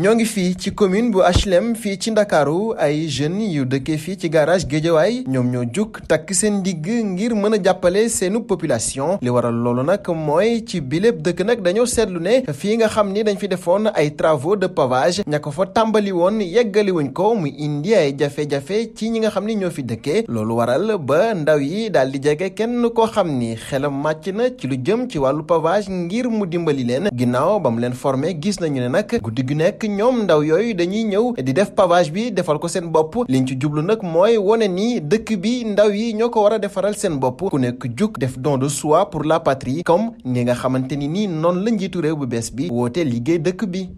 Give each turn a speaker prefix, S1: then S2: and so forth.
S1: ñoo ngi fii ci commune bu HLM fii ci Ndakaaru ay jeunes yu dëkkee fii ci garage Géejawaay ñoom ñoo jug takk seen ndigg ngir mën a jàppale seenu population li waral loolu nag mooy ci biléb dëkk nag dañoo seetlu ne fii nga xam ni dañ fi defoon ay travaux de pavage ña ko fa tàmbali woon yeggali ko mu indi ay jafe-jafe ci ñi nga xam ni ñoo fi dëkkee loolu waral ba ndaw yi daal di jege kenn koo xam ni xelam màcc na ci lu jëm ci wàllu pavage ngir mu dimbali leen ginnaaw ba leen formé gis nañu ne nag guddi gu nekk ñoom ndaw yooyu dañuy ñëw di def pavage bi defal ko seen bopp liñ ci jublu nag mooy wane ni dëkk bi ndaw yi ñoo ko war a defaral seen bopp ku nekk jug def don de soi pour la patrie comme ni nga xamante ni nii noonu la njiitu réew bu bees bi woote liggéey dëkk bi